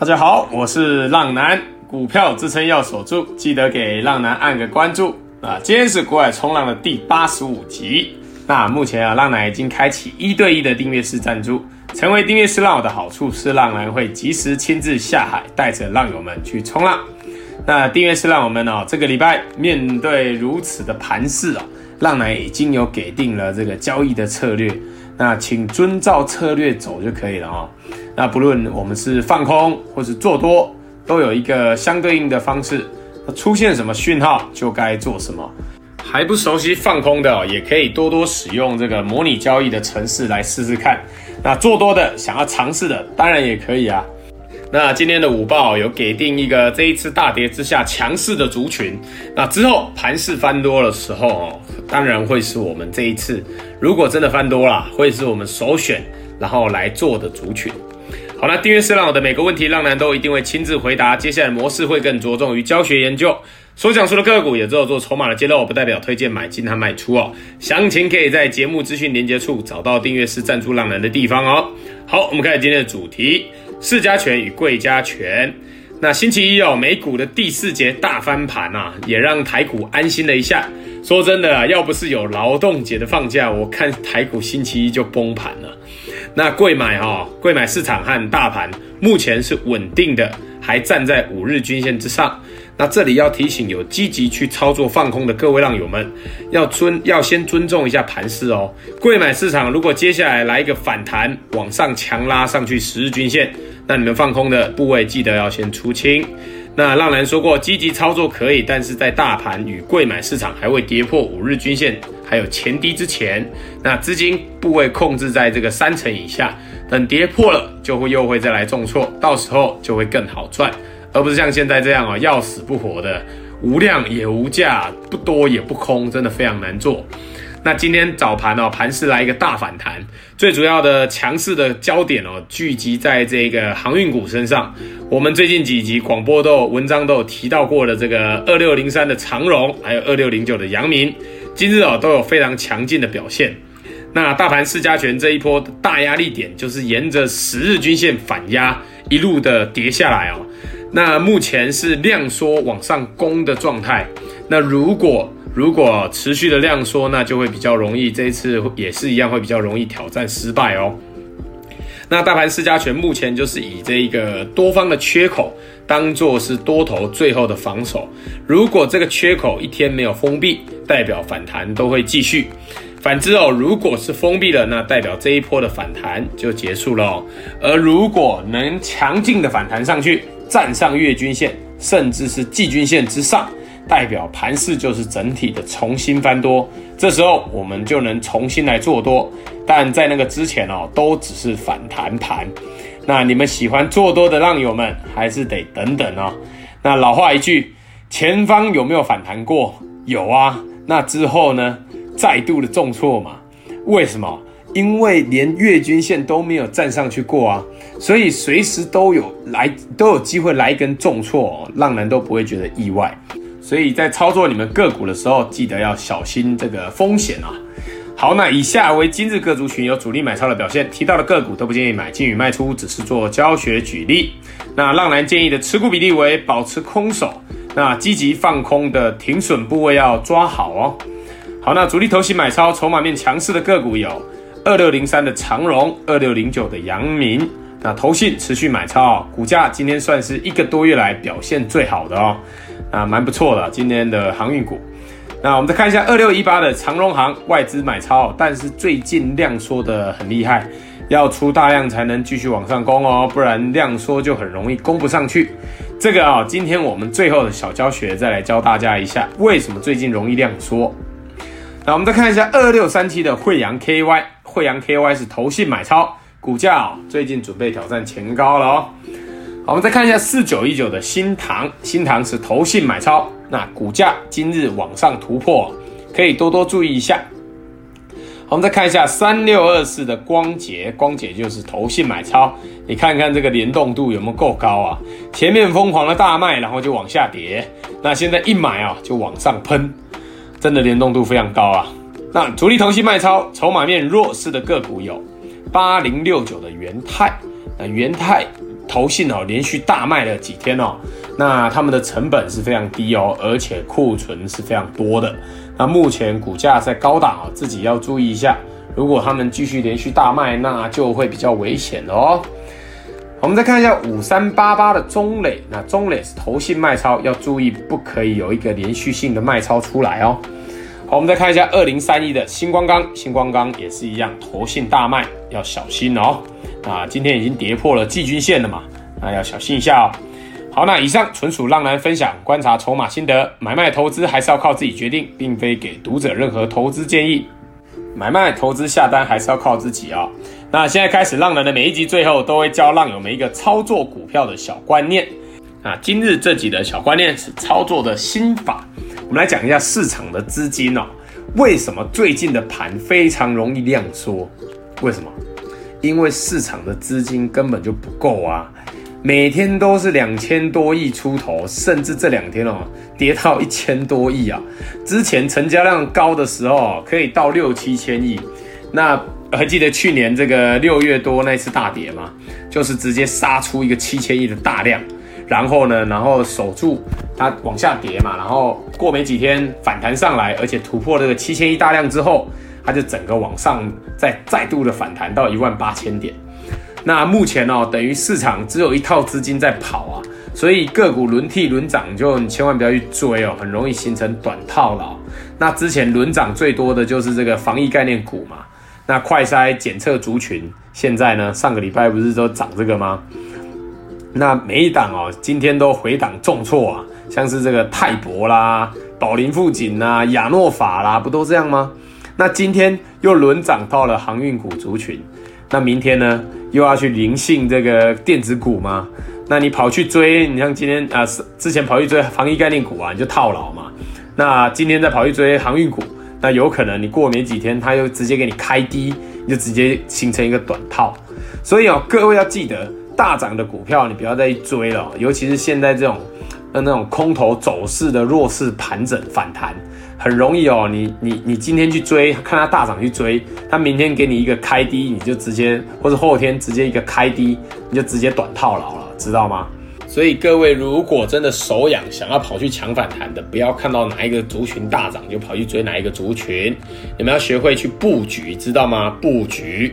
大家好，我是浪男，股票支撐要守住，記得給浪男按個關注啊！今天是股海衝浪的第八十五集。那目前啊，浪男已經開啟一對一的訂閱式贊助。成為訂閱式浪友的好處是，浪男會及時親自下海，帶着浪友們去衝浪。那訂閱式浪友們呢，這個禮拜面對如此的盤勢哦，浪男已經有給定了這個交易的策略。那請遵照策略走就可以了哦。那不論我們是放空或是做多，都有一個相對應的方式。出現什麼訊號就該做什麼。還不熟悉放空的，也可以多多使用這個模擬交易的程式來試試看。那做多的，想要嘗試的，當然也可以啊。那今天的午報有給定一個這一次大跌之下強勢的族群，那之後盤勢翻多的時候，當然會是我們這一次，如果真的翻多了，會是我們首選，然後來做的族群。好，那訂閱式浪友的每個問題浪男都一定會親自回答，接下來模式會更着重於教學研究，所講述的個股也只有做籌碼的揭露，不代表推薦買進和賣出哦。詳情可以在節目資訊連結處找到訂閱式贊助浪男的地方哦。好，我們開始今天的主題。市加權與櫃加權，那星期一哦，美股的第四節大翻盤啊，也讓台股安心了一下。說真的，要不是有勞動節的放假，我看台股星期一就崩盤了。那櫃買哈、哦，櫃買市場和大盤目前是穩定的，還站在五日均線之上。那這裡要提醒有積極去操作放空的各位浪友們，要尊要先尊重一下盤勢哦。櫃買市場如果接下來來一個反彈，往上強拉上去十日均線，那你們放空的部位記得要先出清。那浪男說過，積極操作可以，但是在大盤與櫃買市場還未跌破五日均線，還有前低之前，那資金部位控制在這個三成以下，等跌破了就會又會再來重挫，到時候就會更好賺。而不是像現在這樣啊，要死不活的，無量也無價，不多也不空，真的非常難做。那今天早盤哦，盤勢來一個大反彈，最主要的強勢的焦點哦，聚集在這個航運股身上。我們最近幾集廣播都有文章都有提到過的這個二六零三的長榮，還有二六零九的陽明，今日哦都有非常強勁的表現。那大盤市加權這一波的大壓力點，就是沿着十日均線反壓一路的跌下來哦。那目前是量縮往上攻的狀態，那如果如果持續的量縮，那就會比較容易，這一次也是一樣會比較容易挑戰失敗哦。那大盤市加權目前就是以這個多方的缺口當做是多頭最後的防守，如果這個缺口一天沒有封閉，代表反彈都會繼續；反之哦，如果是封閉了，那代表這一波的反彈就結束嘍、哦。而如果能強勁的反彈上去。站上月均線，甚至是季均線之上，代表盤勢就是整體的重新翻多。這時候我們就能重新來做多，但在那個之前哦，都只是反彈盤。那你們喜歡做多的浪友們，還是得等等哦。那老話一句，前方有沒有反彈過？有啊。那之後呢？再度的重挫嘛。為什麼？因為連月均線都沒有站上去過啊，所以隨時都有來都有機會來一根重挫哦，浪男都不會覺得意外。所以在操作你們個股的時候，記得要小心這個風險啊。好，那以下為今日各族群有主力買超的表現，提到的個股都不建議買進與賣出，只是做教學舉例。那浪男建議的持股比例為保持空手，那積極放空的停損部位要抓好哦。好，那主力投信買超籌碼面強勢的個股有。二六零三的長榮，二六零九的陽明，那投信持續買超哦，股價今天算是一個多月來表現最好的哦，啊，蠻不錯的今天的航運股。那我們再看一下二六一八的長榮航，外資買超哦，但是最近量縮得很厲害，要出大量才能繼續往上攻哦，不然量縮就很容易攻不上去。這個啊、哦，今天我們最後的小教學再來教大家一下，為什麼最近容易量縮。那我們再看一下二六三七的慧洋 KY。慧洋 KY 是投信買超，股價最近準備挑戰前高了哦。好，我們再看一下四九一九的新唐，新唐是投信買超，那股價今日往上突破，可以多多注意一下。好，我們再看一下三六二四的光頡，光頡就是投信買超，你看看這個聯動度有沒有夠高啊？前面瘋狂的大賣，然後就往下跌，那現在一買啊就往上噴，真的聯動度非常高啊。那主力投信賣超，籌碼面弱勢的個股有八零六九的元太。那元太投信哦，連續大賣了幾天哦。那他們的成本是非常低哦，而且庫存是非常多的。那目前股價在高檔哦，自己要注意一下。如果他們繼續連續大賣，那就會比較危險的哦。我們再看一下五三八八的中磊。那中磊是投信賣超，要注意不可以有一個連續性的賣超出來哦。好，我們再看一下二零三一的新光鋼，新光鋼也是一樣，投信大賣要小心哦。啊，今天已經跌破了季均線了嘛，那要小心一下哦。好，那以上純屬浪男分享觀察籌碼心得，買賣投資還是要靠自己決定，並非給讀者任何投資建議。買賣投資下單還是要靠自己啊、哦。那現在開始，浪男的每一集最後都會教浪友們一個操作股票的小觀念。啊，今日這集的小觀念是操作的心法。我們來講一下市場的資金哦，為什麼最近的盤非常容易量縮？為什麼？因為市場的資金根本就不夠啊，每天都是兩千多億出頭，甚至這兩天哦跌到一千多億啊。之前成交量高的時候可以到六七千億，那還記得去年這個六月多那次大跌嗎？就是直接殺出一個七千億的大量，然後呢，然後守住。它往下跌嘛，然後過沒幾天反彈上來，而且突破這個七千億大量之後，它就整個往上再再度的反彈到一萬八千點。那目前哦，等於市場只有一套資金在跑啊，所以個股輪替輪漲，就你千萬不要去追哦，很容易形成短套牢哦。那之前輪漲最多的就是這個防疫概念股嘛，那快篩檢測族群，現在呢，上個禮拜不是都漲這個嗎？那每一檔哦，今天都回檔重挫啊。像是這個泰博啦、寶林富錦啦、亞諾法啦，不都這樣嗎？那今天又輪漲到了航運股族群，那明天呢，又要去臨幸這個電子股嗎？那你跑去追，你像今天啊、呃，之前跑去追防疫概念股啊，你就套牢嘛。那今天再跑去追航運股，那有可能你過了沒幾天，它又直接給你開低，你就直接形成一個短套。所以哦，各位要記得，大漲的股票你不要再去追了、哦，尤其是現在這種。那種空頭走勢的弱勢盤整反彈，很容易哦。你你你今天去追，看他大漲去追，他明天給你一個開低，你就直接或者後天直接一個開低，你就直接短套牢了，了，知道嗎？所以各位，如果真的手癢想要跑去搶反彈的，不要看到哪一個族群大漲就跑去追哪一個族群，你們要學會去布局，知道嗎？布局。